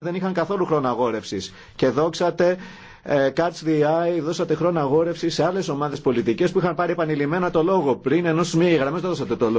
δεν είχαν καθόλου χρόνο αγόρευσης και δόξατε ε, catch the eye, δώσατε χρόνο αγόρευση σε άλλες ομάδες πολιτικές που είχαν πάρει επανειλημμένα το λόγο πριν ενώ στους μία δεν δώσατε το λόγο.